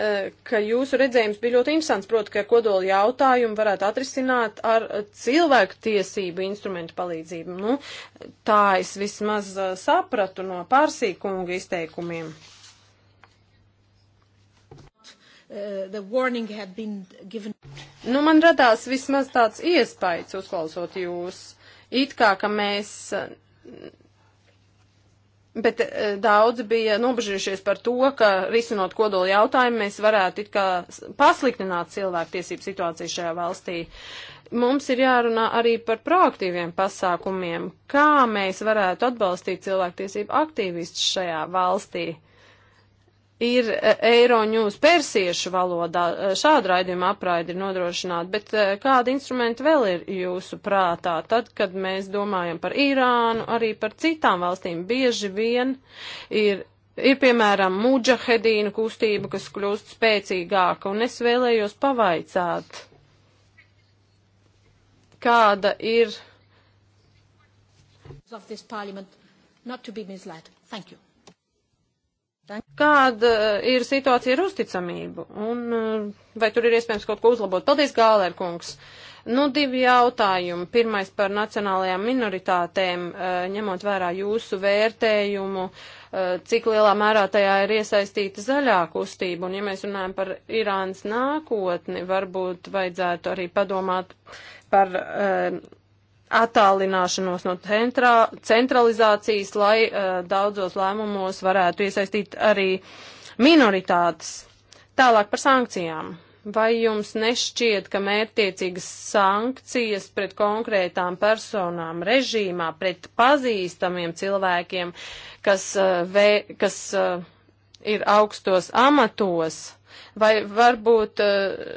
e, ka jūsu redzējums bija ļoti interesants, proti, ka kodoli jautājumu varētu atrisināt ar cilvēku tiesību instrumentu palīdzību. Nu, tā es vismaz e, sapratu no pārsīkunga izteikumiem. Given... Nu, man radās vismaz tāds iespējas, uzklausot jūs, it kā, ka mēs Bet e, daudzi bija nobežījušies par to, ka risinot kodoli jautājumu, mēs varētu it kā pasliktināt cilvēktiesību situāciju šajā valstī. Mums ir jārunā arī par proaktīviem pasākumiem, kā mēs varētu atbalstīt cilvēktiesību aktīvistus šajā valstī ir e, Eiroņūs persiešu valodā. E, Šāda raidījuma apraidi ir nodrošināta, bet e, kādi instrumenti vēl ir jūsu prātā? Tad, kad mēs domājam par Irānu, arī par citām valstīm, bieži vien ir Ir, piemēram, muģahedīna kustība, kas kļūst spēcīgāka, un es vēlējos pavaicāt, kāda ir. Of this parliament, not to be misled. Thank you. Kāda eh, ir situācija ar uzticamību un eh, vai tur ir iespējams kaut ko uzlabot? Paldies, Gālēr kungs! Nu, divi jautājumi. Pirmais par nacionālajām minoritātēm, eh, ņemot vērā jūsu vērtējumu, cik lielā mērā tajā ir iesaistīta zaļā kustība. Un, ja mēs runājam par Irānas nākotni, varbūt vajadzētu arī padomāt par attālināšanos no centrā, centralizācijas, lai uh, daudzos lēmumos varētu iesaistīt arī minoritātes. Tālāk par sankcijām. Vai jums nešķiet, ka mērtiecīgas sankcijas pret konkrētām personām režīmā, pret pazīstamiem cilvēkiem, kas, uh, vē, kas uh, ir augstos amatos, vai varbūt uh,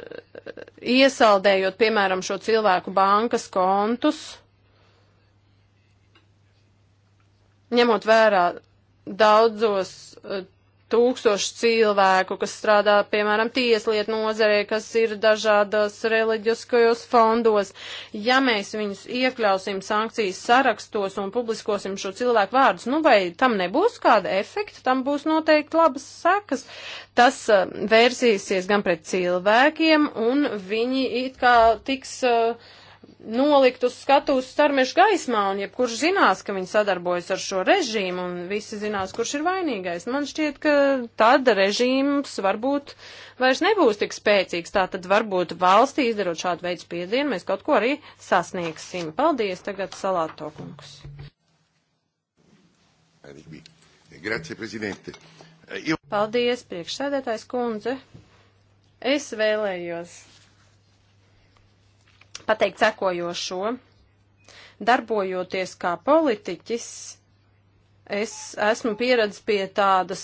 iesaldējot, piemēram, šo cilvēku bankas kontus, ņemot vērā daudzos eh, tūkstošu cilvēku, kas strādā, piemēram, tieslietu nozarē, kas ir dažādos reliģiskajos fondos. Ja mēs viņus iekļausim sankcijas sarakstos un publiskosim šo cilvēku vārdus, nu vai tam nebūs kāda efekta, tam būs noteikti labas sekas. Tas uh, vērsīsies gan pret cilvēkiem, un viņi it kā tiks. Uh, nolikt uz skatuves starmešu gaismā, un jebkurš zinās, ka viņi sadarbojas ar šo režīmu, un visi zinās, kurš ir vainīgais. Man šķiet, ka tāda režīms varbūt vairs nebūs tik spēcīgs, tā tad varbūt valstī izdarot šādu veidu spiedienu, mēs kaut ko arī sasniegsim. Paldies, tagad Salāto kungs. Eh, Paldies, priekšsēdētājs kundze. Es vēlējos pateikt sekojošo. Darbojoties kā politiķis, es esmu pieredzis pie tādas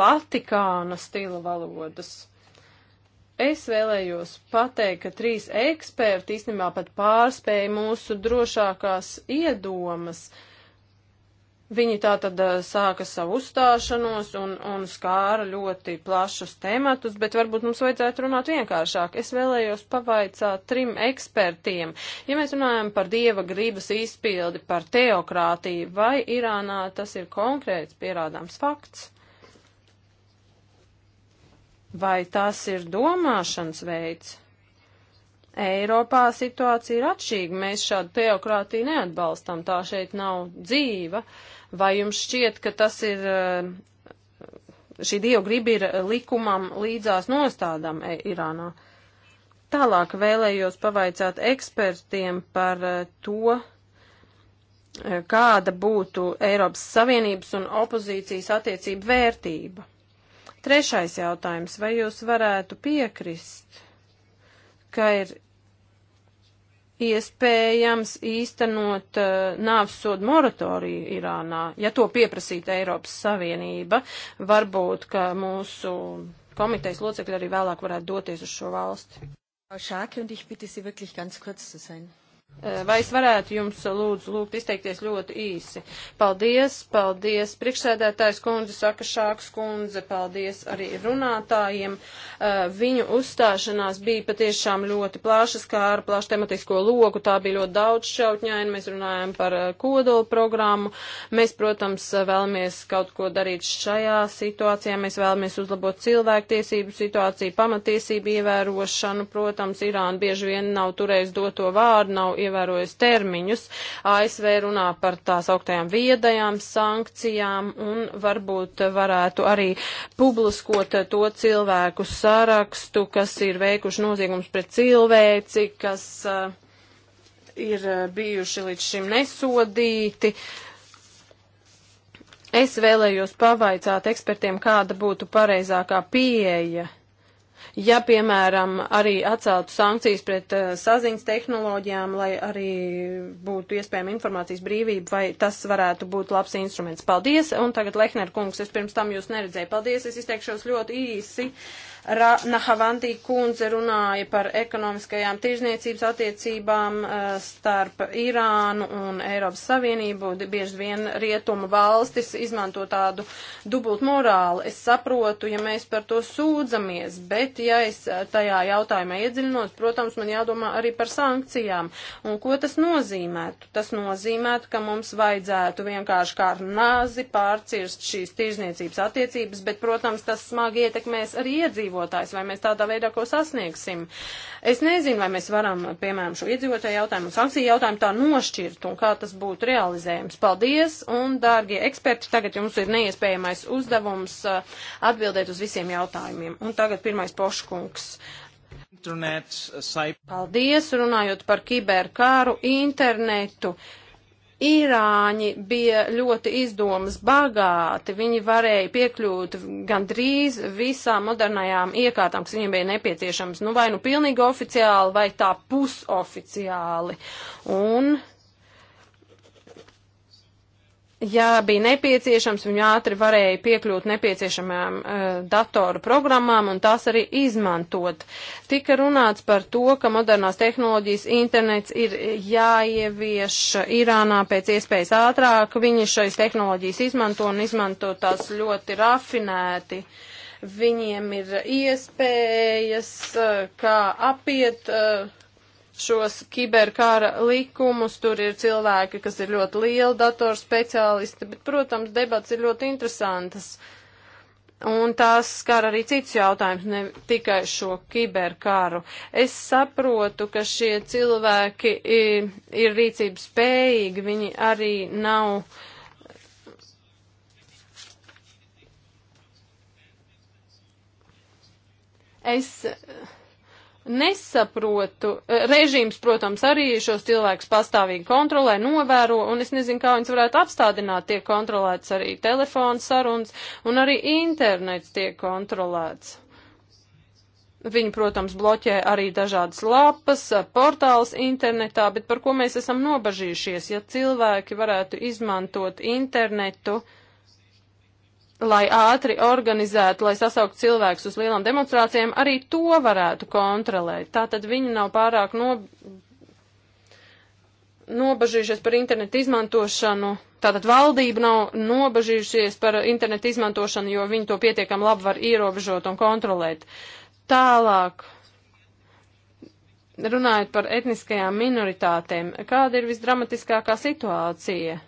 Vatikāna stila valodas. Es vēlējos pateikt, ka trīs eksperti īstenībā pat pārspēja mūsu drošākās iedomas. Uh, Viņi tā tad eh, sāka savu uzstāšanos un, un skāra ļoti plašus tematus, bet varbūt mums vajadzētu runāt vienkāršāk. Es vēlējos pavaicāt trim ekspertiem. Ja mēs runājam par dieva gribas izpildi, par teokrātiju, vai Irānā tas ir konkrēts pierādāms fakts? Vai tas ir domāšanas veids? Eiropā situācija ir atšķirīga. Mēs šādu teokrātiju neatbalstam. Tā šeit nav dzīva. Uh, Vai jums šķiet, ka tas ir, eh, šī dieva griba ir likumam līdzās nostādam e- Irānā? Tālāk vēlējos pavaicāt ekspertiem par eh, to, eh, kāda būtu Eiropas Savienības un opozīcijas attiecība vērtība. Trešais jautājums. Vai jūs varētu piekrist, ka ir iespējams īstenot uh, nāves sodu moratoriju Irānā, ja to pieprasītu Eiropas Savienība. Varbūt, ka mūsu komitejas locekļi arī vēlāk varētu doties uz šo valsti. Frau Schake, un ich bitte Sie wirklich ganz kurz zu sein. Eh, vai es varētu jums eh, lūdzu lūgt izteikties ļoti īsi? Paldies, paldies priekšsēdētājs kundze, saka Šāks kundze, paldies arī runātājiem. Eh, viņu uzstāšanās bija patiešām ļoti plaša skāra, plaša tematisko loku, tā bija ļoti daudz šautņaini, mēs runājam par kodolu programmu. Mēs, protams, vēlamies kaut ko darīt šajā situācijā, mēs vēlamies uzlabot cilvēktiesību situāciju, pamatiesību ievērošanu. Protams, Irāna bieži vien nav turējis doto vārdu, nav nav ievērojis termiņus. ASV runā par tās augtajām viedajām sankcijām un varbūt varētu arī publiskot to cilvēku sarakstu, kas ir veikuši noziegums pret cilvēci, kas uh, ir eh, bijuši līdz šim nesodīti. Es vēlējos pavaicāt ekspertiem, kāda būtu pareizākā pieeja Ja, piemēram, arī atceltu sankcijas pret uh, saziņas tehnoloģijām, lai arī būtu iespējama informācijas brīvība, vai tas varētu būt labs instruments. Paldies! Un tagad, Lehner kungs, es pirms tam jūs neredzēju. Paldies! Es izteikšos ļoti īsi. Uh, Ra Nahavantī kundze runāja par ekonomiskajām tirzniecības attiecībām eh, starp Irānu un Eiropas Savienību. Bieži vien rietumu valstis izmanto tādu dubult morāli. Es saprotu, ja mēs par to sūdzamies, bet ja es eh, tajā jautājumā iedziļinos, protams, man jādomā arī par sankcijām. Un ko tas nozīmētu? Tas nozīmētu, ka mums vajadzētu vienkārši kā ar nāzi pārcirst šīs tirzniecības attiecības, bet, protams, tas smagi ietekmēs arī iedzīvotājiem iedzīvotājs, vai mēs tādā veidā ko sasniegsim. Es nezinu, vai mēs varam, piemēram, šo iedzīvotāju jautājumu un sankciju jautājumu tā nošķirt un kā tas būtu realizējams. Paldies, un, dārgie eksperti, tagad jums ir neiespējamais uzdevums uh, atbildēt uz visiem jautājumiem. Un tagad pirmais poškungs. Internet, uh, Paldies, runājot par kiberkāru internetu. Uh, Irāņi bija ļoti izdomas bagāti, viņi varēja piekļūt gandrīz visām modernajām iekārtām, kas viņiem bija nepieciešams, nu vai nu pilnīgi oficiāli, vai tā pusoficiāli. Un ja bija nepieciešams, viņi ātri varēja piekļūt nepieciešamajām uh, datoru programmām un tās arī izmantot. Tika runāts par to, ka modernās tehnoloģijas internets ir jāievieš Irānā pēc iespējas ātrāk. Viņi šais tehnoloģijas izmanto un izmanto tās ļoti rafinēti. Viņiem ir iespējas, uh, kā apiet. Uh, šos kiberkara likumus, tur ir cilvēki, kas ir ļoti lieli datoru speciālisti, bet, protams, debats ir ļoti interesantas. Un tās skar arī cits jautājums, ne tikai šo kiberkaru. Es saprotu, ka šie cilvēki ir, ir rīcības spējīgi, viņi arī nav uh, es nesaprotu. Eh, režīms, protams, arī šos cilvēkus pastāvīgi kontrolē, novēro, un es nezinu, kā viņus varētu apstādināt. Tiek kontrolēts arī telefons sarunas, un arī internets tiek kontrolēts. Viņi, protams, bloķē arī dažādas lapas, eh, portāls internetā, bet par ko mēs esam nobažījušies, ja cilvēki varētu izmantot internetu, uh, lai ātri organizētu, lai sasauktu cilvēkus uz lielām demonstrācijām, arī to varētu kontrolēt. Tātad viņi nav pārāk no, nobažījušies par internetu izmantošanu. Tātad valdība nav nobažījušies par internetu izmantošanu, jo viņi to pietiekam labi var ierobežot un kontrolēt. Tālāk runājot par etniskajām minoritātēm, kāda ir visdramatiskākā situācija?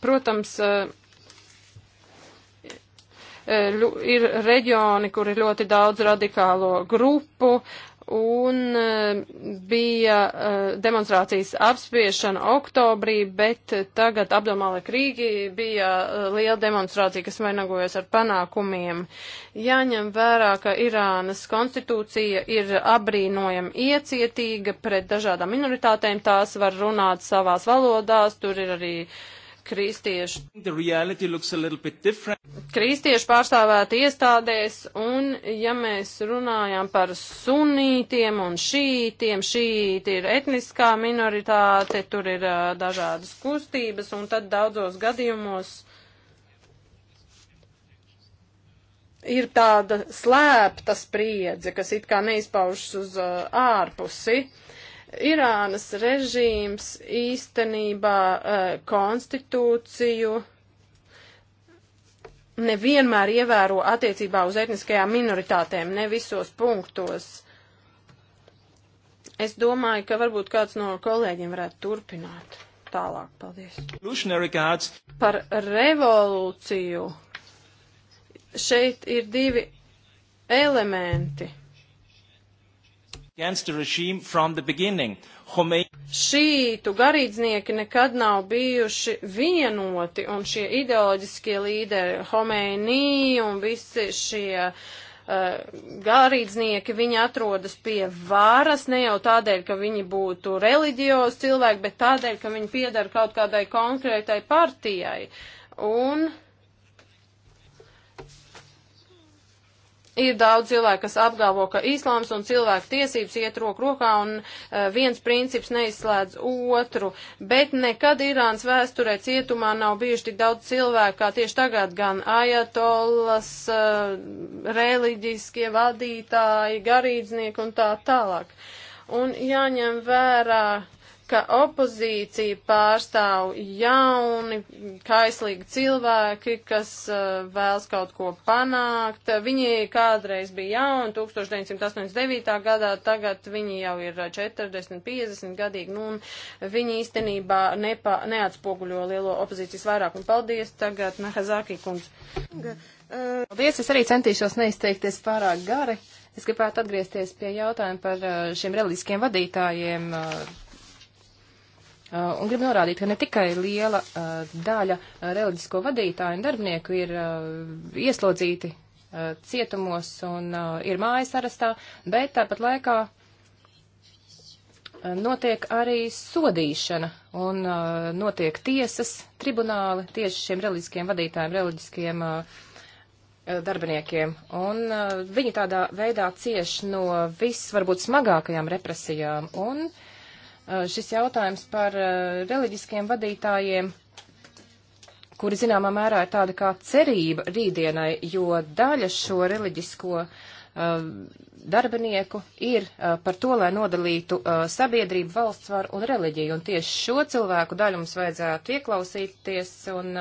Protams, eh, eh, ir reģioni, kur ir ļoti daudz radikālo grupu, un eh, bija demonstrācijas apspiešana oktobrī, bet tagad apdomāli Krīgi bija liela demonstrācija, kas vainagojas ar panākumiem. Jāņem vērā, ka Irānas konstitūcija ir abrīnojam iecietīga pret dažādām minoritātēm, tās var runāt savās valodās, tur ir arī uh, kristiešu, kristiešu pārstāvēt iestādēs, un ja mēs runājam par sunītiem un šītiem, šīti ir etniskā minoritāte, tur ir uh, dažādas kustības, un tad daudzos gadījumos ir tāda slēpta spriedze, kas it kā neizpaužas uz uh, ārpusi. Uh, Irānas režīms īstenībā uh, konstitūciju nevienmēr ievēro attiecībā uz etniskajām minoritātēm, ne visos punktos. Es domāju, ka varbūt kāds no kolēģiem varētu turpināt tālāk. Paldies. Par revolūciju. Šeit ir divi elementi. Šītu garīdznieki nekad nav bijuši vienoti, un šie ideoloģiskie līderi, Homēnī un visi šie uh, garīdznieki, viņi atrodas pie varas ne jau tādēļ, ka viņi būtu reliģiozi cilvēki, bet tādēļ, ka viņi piedara kaut kādai konkrētai partijai. Un uh, Ir daudz cilvēku, kas apgalvo, ka islāms un cilvēku tiesības iet roku rokā un uh, viens princips neizslēdz otru, bet nekad Irānas vēsturē cietumā nav bijuši tik daudz cilvēku, kā tieši tagad gan ajatolas, uh, eh, reliģiskie vadītāji, garīdznieki un tā tālāk. Un jāņem vērā, ka opozīcija pārstāv jauni, kaislīgi cilvēki, kas uh, vēlas kaut ko panākt. Viņi kādreiz bija jauni, 1989. gadā, tagad viņi jau ir 40, 50 gadīgi, nu, un viņi īstenībā nepa, neatspoguļo lielo opozīcijas vairākumu. Paldies, tagad Nahazākī kundze. Paldies, es arī centīšos neizteikties pārāk gari. Es gribētu atgriezties pie jautājuma par eh, šiem reliģiskiem vadītājiem. Uh, Uh, un gribu norādīt, ka ne tikai liela uh, daļa uh, reliģisko vadītāju un darbinieku ir ieslodzīti cietumos un ir mājas arestā, bet tāpat laikā notiek arī sodīšana un notiek tiesas, tribunāli tieši šiem reliģiskiem vadītājiem, reliģiskiem darbiniekiem. Un viņi tādā veidā cieš no viss varbūt smagākajām represijām. Un, uh, Uh, šis jautājums par uh, reliģiskiem vadītājiem, kuri zināmā mērā ir tāda kā cerība rītdienai, jo daļa šo reliģisko uh, darbinieku ir par to, lai nodalītu sabiedrību, valsts varu un reliģiju. Un tieši šo cilvēku daļu mums vajadzētu ieklausīties un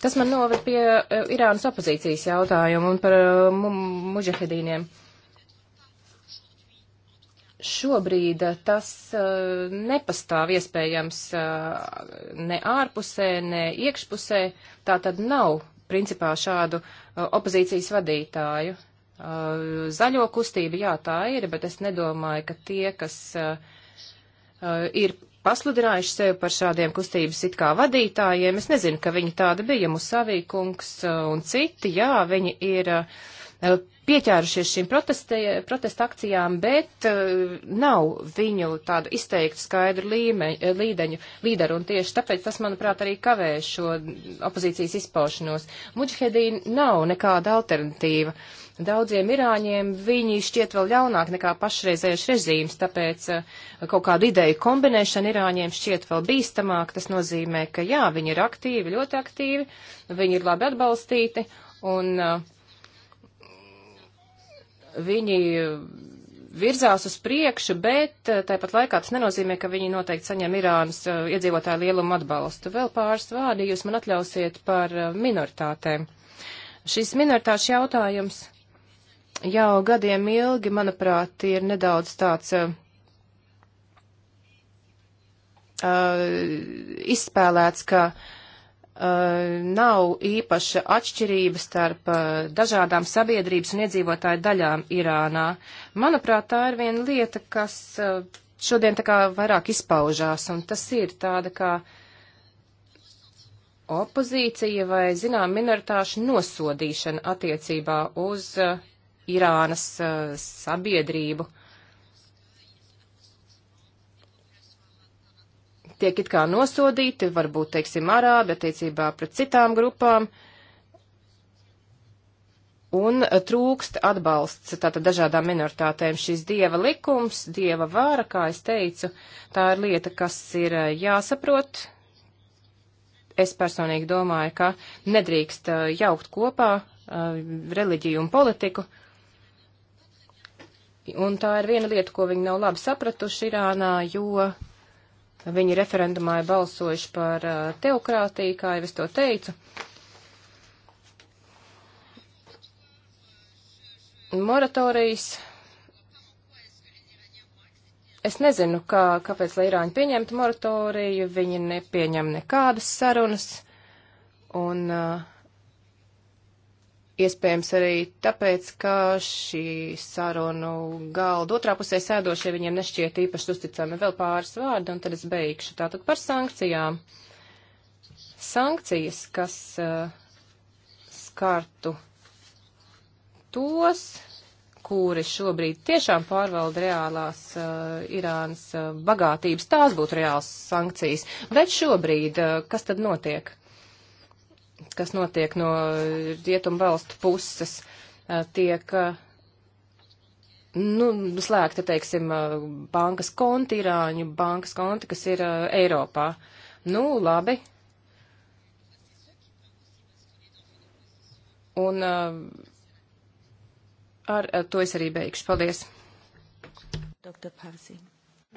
Tas man noved pie Irānas opozīcijas jautājumu un par mužahedīniem šobrīd eh, tas uh, nepastāv iespējams uh, ne ārpusē, ne iekšpusē. Tā tad nav principā šādu uh, opozīcijas vadītāju. Zaļo kustība, jā, tā ir, bet es nedomāju, ka tie, kas ir pasludinājuši sevi par šādiem kustības it kā vadītājiem, es nezinu, ka viņi tādi bija, Musavī kungs un citi, jā, viņi ir pieķērušies šīm protesta akcijām, bet uh, nav viņu tādu izteiktu skaidru līme, eh, līdeņu, līderu, un tieši tāpēc tas, manuprāt, arī kavē šo opozīcijas izpaušanos. Muģhedīna nav nekāda alternatīva. Daudziem irāņiem viņi šķiet vēl ļaunāk nekā pašreizējais režīms, tāpēc uh, kaut kādu ideju kombinēšana irāņiem šķiet vēl bīstamāk. Tas nozīmē, ka jā, viņi ir aktīvi, ļoti aktīvi, viņi ir labi atbalstīti, un uh, viņi virzās uz priekšu, bet eh, tāpat laikā tas nenozīmē, ka viņi noteikti saņem Irānas eh, iedzīvotāju lielumu atbalstu. Vēl pāris vārdi jūs man atļausiet par eh, minoritātēm. Šis minoritāšu jautājums jau gadiem ilgi, manuprāt, ir nedaudz tāds uh, izspēlēts, ka uh, Eh, nav īpaša atšķirība starp eh, dažādām sabiedrības un iedzīvotāju daļām Irānā. Manuprāt, tā ir viena lieta, kas eh, šodien tā kā vairāk izpaužās, un tas ir tāda kā opozīcija vai, zinām, minoritāšu nosodīšana attiecībā uz Irānas sabiedrību tiek it kā nosodīti, varbūt, teiksim, arābi attiecībā pret citām grupām, un trūkst atbalsts tātad dažādām minoritātēm. Šis dieva likums, dieva vāra, kā es teicu, tā ir lieta, kas ir eh, jāsaprot. Es personīgi domāju, ka nedrīkst eh, jaukt kopā eh, reliģiju un politiku. Un tā ir viena lieta, ko viņi nav labi sapratuši Irānā, jo Viņi referendumā ir balsojuši par uh, teokrātiju, kā jau es to teicu. Moratorijas. Es nezinu, kā, kāpēc, lai Irāņi pieņemtu moratoriju, viņi nepieņem nekādas sarunas, un uh, Iespējams arī tāpēc, ka šī sarunu galda otrā pusē sēdošie viņiem nešķiet īpaši uzticami vēl pāris vārdi, un tad es beigšu. Tātad par sankcijām. Sankcijas, kas uh, skartu tos, kuri šobrīd tiešām pārvalda reālās uh, Irānas uh, bagātības, tās būtu reāls sankcijas. Bet šobrīd, uh, kas tad notiek? kas notiek no rietumu valstu puses, tiek nu, slēgta, teiksim, bankas konti, Irāņu bankas konti, kas ir Eiropā. Nu, labi. Un ar to es arī beigšu. Paldies. Doktor Pārsī.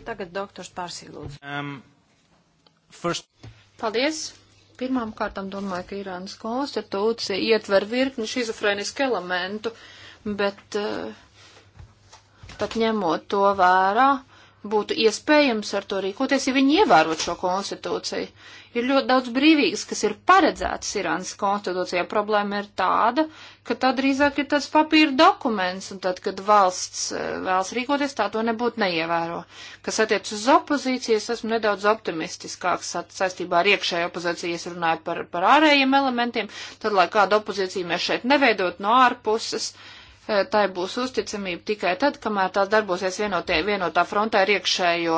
Tagad doktors Pārsī lūdzu. Um, first... Paldies. Pirmām kārtām domāju, ka Irānas konstitūcija ietver virkni šizofrēnisku elementu, bet eh, pat ņemot to vērā, būtu iespējams ar to rīkoties, ja viņi ievērot šo konstitūciju. Ir ļoti daudz brīvības, kas ir paredzētas Irānas konstitūcijā. Problēma ir tāda, ka tā drīzāk ir tāds papīra dokuments, un tad, kad valsts eh, vēlas rīkoties, tā to nebūtu neievēro. Kas attiec uz opozīcijas, esmu nedaudz optimistiskāks saistībā ar iekšēju opozīciju, es runāju par, par ārējiem elementiem, tad, lai kādu opozīciju mēs šeit neveidot no ārpuses, uh, Eh, tai būs uzticamība tikai tad, kamēr tās darbosies vienotie, vienotā frontē ar iekšējo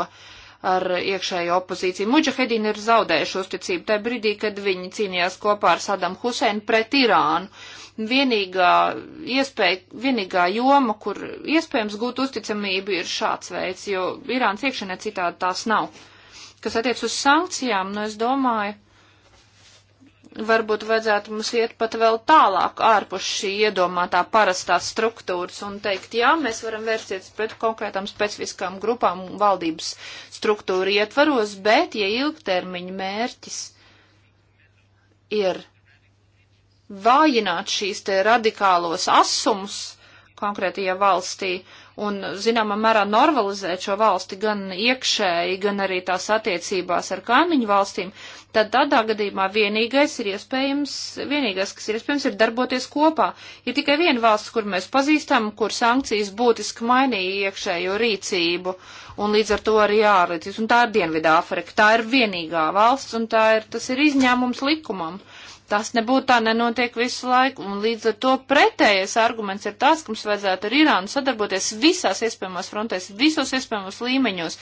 ar iekšējo opozīciju. Muģahedīni ir zaudējuši uzticību tajā brīdī, kad viņi cīnījās kopā ar Sadam Huseinu pret Irānu. Vienīgā iespēja, vienīgā joma, kur iespējams gūt uzticamību, ir šāds veids, jo Irāns iekšienē citādi tās nav. Kas attiec uz sankcijām, nu es domāju, varbūt vajadzētu mums iet pat vēl tālāk ārpus šī iedomātā parastās struktūras un teikt, jā, mēs varam vērsties pret konkrētām specifiskām grupām valdības struktūru ietvaros, bet, ja ilgtermiņa mērķis ir vājināt šīs te radikālos asumus konkrētajā valstī, uh, un, zināmā mērā, normalizēt šo valsti gan iekšēji, gan arī tās attiecībās ar kaimiņu valstīm, tad tādā gadījumā vienīgais ir iespējams, vienīgais, kas ir iespējams, ir darboties kopā. Ir tikai viena valsts, kur mēs pazīstam, kur sankcijas būtiski mainīja iekšējo rīcību, un līdz ar to arī ārlietis, un tā ir Dienvidāfrika. Tā ir vienīgā valsts, un tā ir, tas ir izņēmums likumam. Tas nebūtu tā nenotiek visu laiku, un līdz ar to pretējais arguments ir tas, ka mums vajadzētu ar Irānu sadarboties visās iespējamās frontēs, visos iespējamos līmeņos.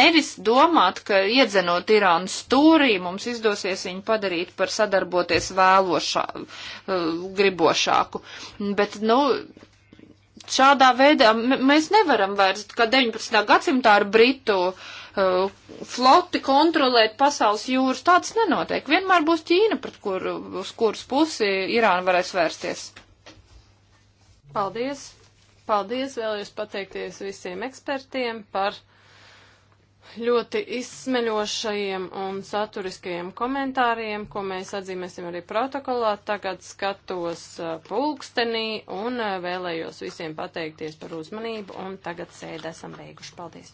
Nevis domāt, ka iedzenot Irānu stūrī, mums izdosies viņu padarīt par sadarboties vēlošā, uh, gribošāku. Bet, nu, šādā veidā mēs nevaram vairs, kā 19. gadsimtā ar Britu uh, uh, floti kontrolēt pasaules jūras. Tāds nenotiek. Vienmēr būs Ķīna, pret kur, uz kuras pusi Irāna varēs vērsties. Paldies! Paldies! Vēlējos pateikties visiem ekspertiem par ļoti izsmeļošajiem un saturiskajiem komentāriem, ko mēs atzīmēsim arī protokolā. Tagad skatos uh, pulkstenī un uh, vēlējos visiem pateikties par uzmanību un tagad sēdēsim beiguši. Paldies!